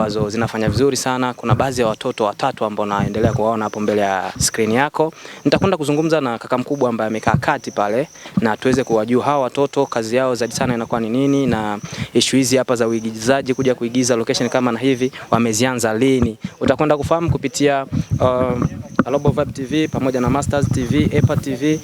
ambazo zinafanya vizuri sana. Kuna baadhi ya watoto watatu ambao naendelea kuwaona hapo mbele ya skrini yako. Nitakwenda kuzungumza na kaka mkubwa ambaye amekaa kati pale, na tuweze kuwajua hawa watoto kazi yao zaidi sana inakuwa ni nini, na issue hizi hapa za uigizaji, kuja kuigiza location kama na hivi wamezianza lini, utakwenda kufahamu kupitia um, Global Vibe TV pamoja na Masters TV, Epa TV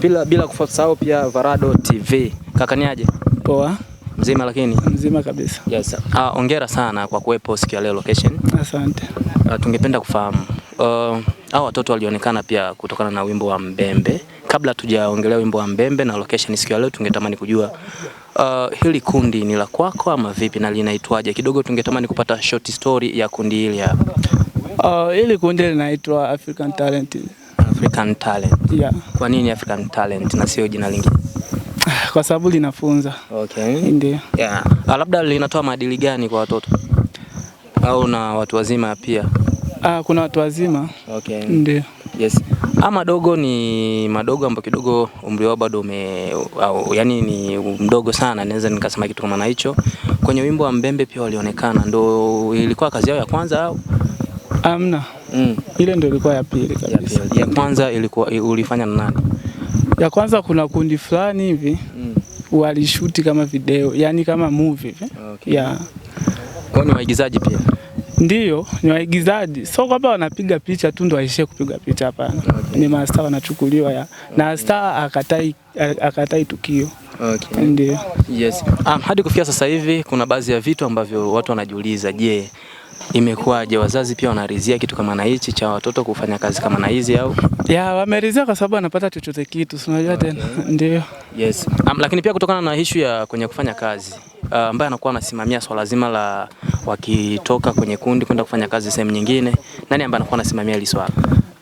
bila bila kusahau pia Varado TV. Kakaniaje? Poa. Mzima lakini? Mzima kabisa. Yes. Ah, ongera sana kwa kuwepo siku ya leo location. Asante. Ah, tungependa kufahamu uh, watoto walionekana pia kutokana na wimbo wa Mbembe. Kabla tujaongelea wimbo wa Mbembe na location siku ya leo, tungetamani kujua uh, hili kundi ni la kwako ama vipi na linaitwaje? Kidogo tungetamani kupata short story ya kundi hili hapa. Uh, hili kundi linaitwa African Talent. African Talent. Yeah. Kwa nini African Talent na sio jina lingine? Kwa sababu linafunza. Okay. Ndio. Yeah. Ah, labda linatoa maadili gani kwa watoto au na watu wazima pia? Ah, kuna watu wazima. Okay. Ndio. Yes. Ama ah, madogo ni madogo ambao kidogo umri wao bado ume au, yani ni mdogo sana, naweza nikasema kitu kama hicho. Kwenye wimbo wa Mbembe pia walionekana, ndo ilikuwa kazi yao ya kwanza au amna? Mm. Ile ndio ilikuwa ya pili kabisa. Ya, ya kwanza ilikuwa ulifanya na nani? ya kwanza kuna kundi fulani hivi mm. walishuti kama video, yani kama movie hivi okay. ya Kwa ni waigizaji pia? Ndiyo, ni waigizaji, so kwamba wanapiga picha tu ndo waishie kupiga picha, hapana. okay. ni mastaa wanachukuliwa ya okay. na star akatai, akatai tukio Okay. Ndiyo. Yes. Um, hadi kufikia sasa hivi kuna baadhi ya vitu ambavyo watu wanajiuliza, je, Imekuwaje, wazazi pia wanaridhia kitu kama na hichi cha watoto kufanya kazi kama na hizi au? Ya, wameridhia kwa sababu anapata chochote kitu, unajua tena. Ndio. Yes. Um, lakini pia kutokana na issue ya kwenye kufanya kazi uh, ambaye uh, anakuwa anasimamia swala zima la wakitoka kwenye kundi kwenda kufanya kazi sehemu nyingine, nani ambaye anakuwa anasimamia hili swala?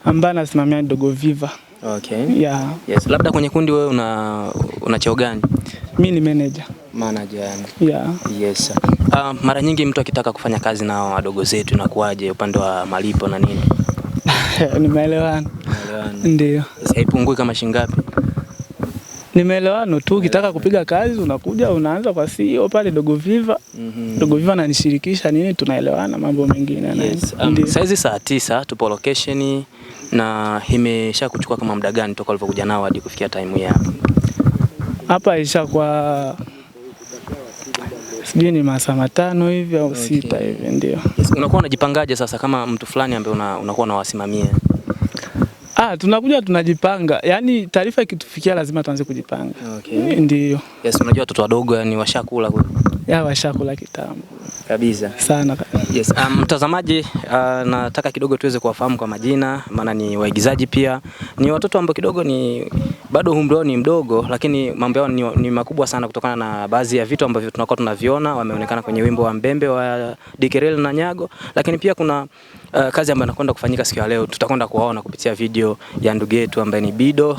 Ambaye anasimamia Dogo Viva. Okay. Yeah. Yes. Labda kwenye kundi wewe una una cheo gani? Mimi ni manager manager yangu. Yeah. Yes Uh, mara nyingi mtu akitaka kufanya kazi na wadogo zetu inakuwaje upande wa malipo na nini? Nimeelewana. Ndio. ipungui kama shilingi ngapi? Nimeelewana tu, ukitaka kupiga kazi unakuja unaanza kwa CEO pale Dogo Viva. mm -hmm. Dogo Viva ananishirikisha nini, tunaelewana mambo mengine yes. Um, saizi saa tisa tupo location na imesha kuchukua kama muda gani toka ulivyokuja nao hadi kufikia time hii hapa? Hapa ishakuwa sijui ni masaa matano hivi au sita hivi ndio. Yes, unakuwa unajipangaje sasa kama mtu fulani ambaye una, unakuwa unawasimamia? Ah, tunakuja tunajipanga, yaani taarifa ikitufikia lazima tuanze kujipanga. Okay. Ndiyo. Yes, unajua watoto wadogo yani washakula ya washakula kitambo kabisa sana yes. Um, mtazamaji um, uh, nataka kidogo tuweze kuwafahamu kwa majina, maana ni waigizaji pia ni watoto ambao kidogo ni bado umri ni mdogo, lakini mambo yao ni, ni makubwa sana kutokana na baadhi ya vitu ambavyo tunakuwa tunaviona. Wameonekana kwenye wimbo wa Mbembe wa Dikerel na Nyago, lakini pia kuna uh, kazi ambayo inakwenda kufanyika siku ya leo. Tutakwenda kuwaona kupitia video ya ndugu yetu ambaye ni Bido uh,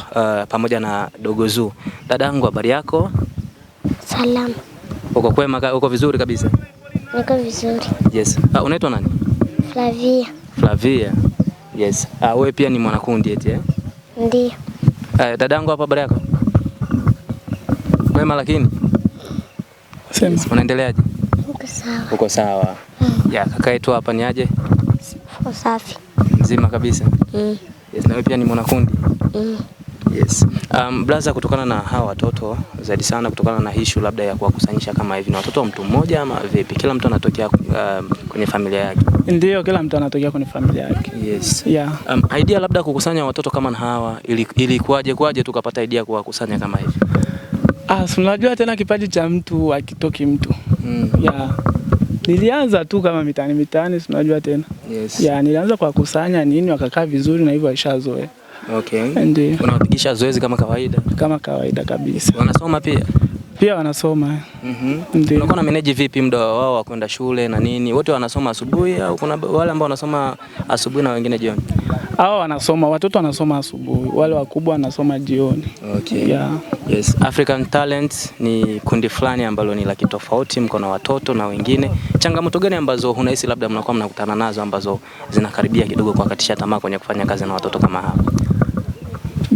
pamoja na Dogo Zuu. Dadangu, habari yako? Salama. Uko kwema? Uko vizuri kabisa? Niko vizuri. Yes. Uh, unaitwa nani? Flavia. Flavia. Yes. Ah, uh, wewe pia ni mwanakundi eti eh? Ndiyo. Uh, ah, dadangu hapa habari yako? Mema lakini? Sema. Unaendeleaje? Uko sawa. Uko sawa. Mm. Ya, kaka yetu hapa ni aje? Uko safi. Mzima kabisa. Mm. Yes, na wewe pia ni mwanakundi? Mm. Yes. Um, blaza, kutokana na hawa watoto zaidi sana kutokana na issue labda ya kuwakusanyisha kama hivi, na watoto wa mtu mmoja ama vipi? Kila mtu anatokea um, kwenye familia yake? ndio kila mtu anatokea kwenye familia yake. Yes. Yeah. Um, idea labda kukusanya watoto kama na hawa ilikuwaje, kwaje tukapata idea kuwakusanya kama hivi? Ah, si unajua tena kipaji cha mtu akitoki mtu mm. Yeah. Nilianza tu kama mitaani mitaani, si unajua tena. Yes. Yeah, nilianza kwa kusanya nini, wakakaa vizuri na hivyo washazoea. Okay. Ndio. Unawapigisha zoezi kama kawaida? Kama kawaida kabisa. Wanasoma pia? Pia wanasoma. Mhm. Ndio. Unakuwa na manage vipi muda wao wa kwenda shule na nini? Wote wanasoma asubuhi au kuna wale ambao wanasoma asubuhi na wengine jioni? Hao wanasoma, watoto wanasoma asubuhi, wale wakubwa wanasoma jioni. Okay. Yeah. Yes. African Talent ni kundi fulani ambalo ni la kitofauti, mko na watoto na wengine. Changamoto gani ambazo unahisi labda mnakuwa mnakutana nazo ambazo zinakaribia kidogo kuwakatisha tamaa kwenye kufanya kazi na watoto kama hawa?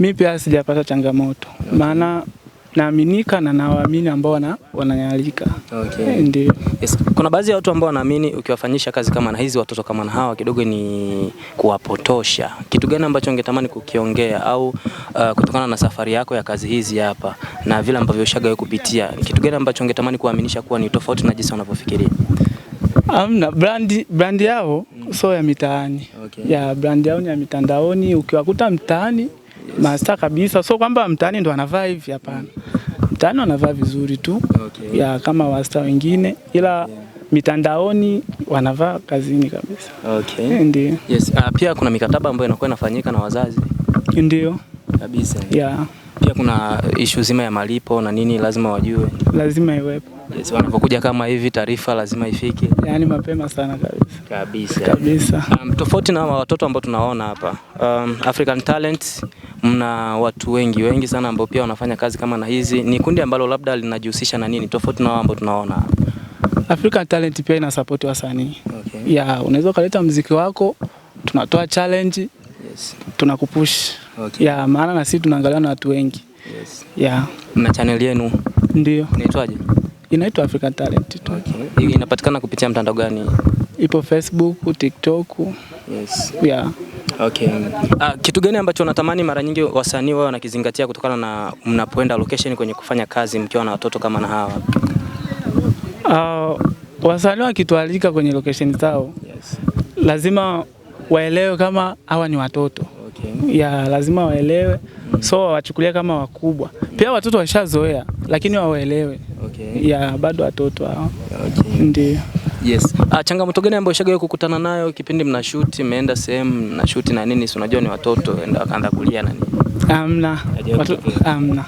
mi pia sijapata changamoto maana naaminika na nawaamini ambao wana wananyalika. Okay. Eh, ndio. Yes. Kuna baadhi ya watu ambao wanaamini ukiwafanyisha kazi kama na hizi watoto kama na hawa kidogo ni kuwapotosha. Kitu gani ambacho ungetamani kukiongea au uh, kutokana na safari yako ya kazi hizi hapa na vile ambavyo ushagawe kupitia, kitu gani ambacho ungetamani kuaminisha kuwa ni tofauti na jinsi wanavyofikiria? Amna, brandi brandi yao mm. so ya mitaani. Okay. Ya brandi yao ni ya mitandaoni, ukiwakuta mtaani masta kabisa, so kwamba mtaani ndo anavaa hivi, hapana. Mtaani wanavaa vizuri tu okay. ya kama wasta wengine ila yeah. Mitandaoni wanavaa kazini kabisa okay. Eh, ndio yes. Uh, pia kuna mikataba ambayo inakuwa inafanyika na wazazi ndio kabisa yeah. Pia kuna ishu zima ya malipo na nini, lazima wajue, lazima iwepo yes. Wanapokuja kama hivi, taarifa lazima ifike, yaani mapema sana kabisa kabisa kabisa. Um, tofauti na watoto ambao tunaona hapa um, African Talent mna watu wengi wengi sana ambao pia wanafanya kazi kama na hizi. Ni kundi ambalo labda linajihusisha na nini tofauti na wao ambao tunaona African Talent pia ina support wasanii okay. Yeah, unaweza ukaleta mziki wako, tunatoa challenge yes. Tunakupush okay. Yeah, maana na sisi tunaangalia na watu wengi yes. Yeah. Mna channel yenu ndio inaitwaje? Inaitwa African Talent tu. Okay. Inapatikana kupitia mtandao gani? Ipo Facebook, TikTok. Yes. Yeah. Okay. Uh, kitu gani ambacho unatamani mara nyingi wasanii wao wanakizingatia kutokana na mnapoenda location kwenye kufanya kazi mkiwa na watoto kama na hawa? Uh, wasanii wakitualika kwenye location zao yes, lazima waelewe kama hawa ni watoto okay. Ya lazima waelewe mm. So wawachukulia kama wakubwa pia, mm. watoto washazoea, lakini wawaelewe okay. Ya bado watoto hao okay. Ndio. Yes. Ah, changamoto gani ambayo shaga kukutana nayo kipindi mna shoot, mmeenda sehemu na shoot na nini, si unajua ni watoto enda akaanza kulia na nini? Amna. Watu, amna.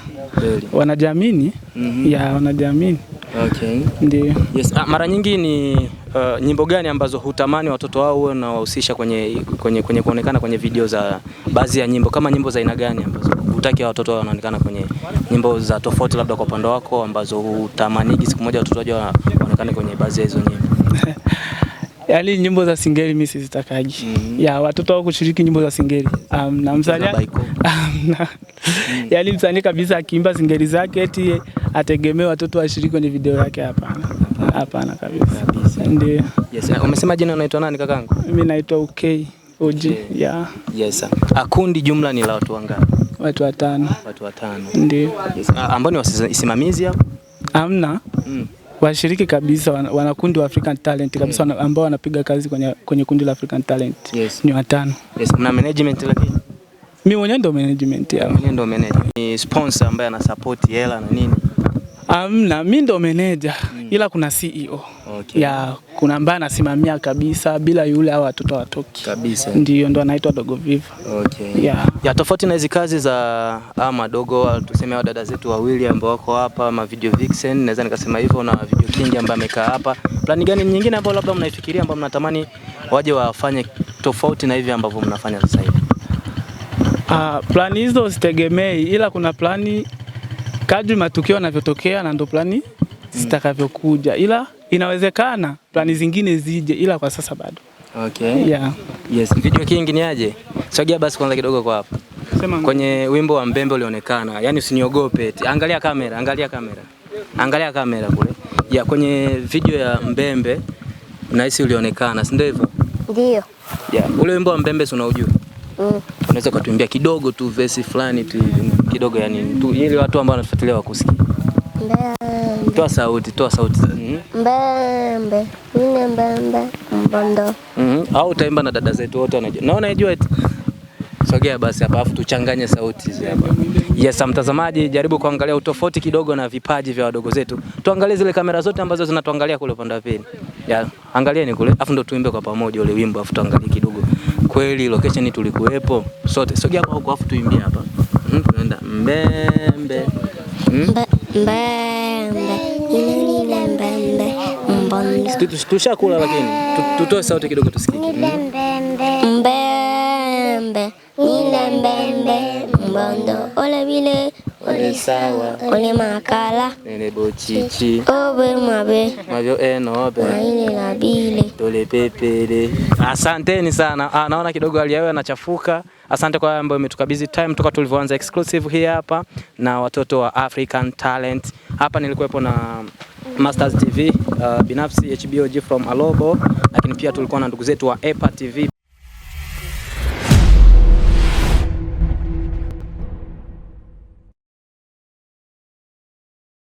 Wanajamini? Mm -hmm. Ya wanajamini. Okay. Ndio. Yes. Ah, mara nyingi ni uh, nyimbo gani ambazo hutamani watoto wao uwe na wahusisha kwenye kwenye kwenye kuonekana kwenye video za baadhi ya nyimbo kama nyimbo za aina gani ambazo hutaki watoto wao wanaonekana kwenye nyimbo za tofauti labda kwa upande wako ambazo hutamani siku moja watoto wao waonekane kwenye baadhi ya hizo nyimbo? Yaani nyimbo za singeli mimi sizitakaji. Mm. Ya watoto wao kushiriki nyimbo za singeli. Um, na msanii um, yaani msanii kabisa akiimba singeli zake eti ategemee watoto washiriki kwenye video yake hapana. Hapana kabisa. kabisa. Ndio. Yes, umesema jina unaitwa nani kakaangu? Mimi naitwa UK. OG. Yeah. yeah. Yes. Sir. Ah, jumla ni la watu wangapi? Watu watano. Watu watano. Ndio. Yes. Ah, ambao ni wasimamizi hapo? Hamna. Mm washiriki kabisa wanakundi wa African Talent kabisa mm. ambao wanapiga kazi kwenye, kwenye kundi la African Talent yes. ni watano. Yes, kuna management lakini mimi mwenyewe ndo management yao. Mimi ndo manager. Ni sponsor ambaye ana support hela na nini. Amna, mi ndo meneja mm. ila kuna CEO okay. ya kuna ambaye anasimamia kabisa, bila yule hao watoto watoki kabisa, ndio ndo anaitwa Dogo Viva okay. ya tofauti na hizi kazi za ah, madogo, tuseme dada zetu wawili ambao wako hapa, ma video vixen naweza nikasema hivyo, na video kingi ambaye amekaa hapa, plani gani nyingine ambayo labda mnaifikiria ambayo mnatamani waje wafanye tofauti na hivi ambavyo mnafanya sasa hivi? Uh, plani hizo zitegemei ila kuna plani kadri matukio yanavyotokea na ndo plani zitakavyokuja, ila inawezekana plani zingine zije, ila kwa sasa bado. Okay. Yeah. Yes. Video kingi ni aje? Sogea basi kwanza kidogo kwa hapa. Sema kwenye wimbo wa Mbembe ulionekana, yani usiniogope. Angalia kamera, angalia kamera. Angalia kamera kule. Ya kwenye video ya Mbembe nahisi ulionekana, si ndio hivyo? Ndio. Ya, ule wimbo wa Mbembe si unaujua? Mm. Unaweza kutuimbia kidogo tu verse fulani tu hivi kidogo, yani ili watu ambao wanatufuatilia wakusikie. Toa sauti, toa sauti. Mhm. Mbembe, mimi mbembe, mbondo. Mhm. Mm, Au utaimba na dada zetu wote wanajua. Naona unajua eti. Sogea basi hapa afu tuchanganye sauti hizi hapa. Yes, mtazamaji, jaribu kuangalia utofauti kidogo na vipaji vya wadogo zetu. Tuangalie zile kamera zote ambazo zinatuangalia kule upande wa pili. Yeah, angalieni kule, afu ndo tuimbe kwa pamoja ule wimbo afu tuangalie kidogo. Kweli location tulikuwepo. Sote sogea hapa huko afu tuimbie hapa mbembe hmm? tushakula, lakini tutoe sauti kidogo tusikie. Hmm? Mbembe mbembe mbembe mbondo ole vile Ole sawa. Ole makala. Nene bochichi. Obe mabe. Mavyo enobe. Maile na bile. Tole pepele. Asanteni sana. Ah, naona kidogo hali yao anachafuka. Asante kwa ambayo umetukabidhi time toka tulivyoanza exclusive hii hapa na watoto wa African Talent. Hapa nilikuwepo na Masters TV, uh, ah, binafsi HBO from Alobo, lakini pia tulikuwa na ndugu zetu wa EPA TV.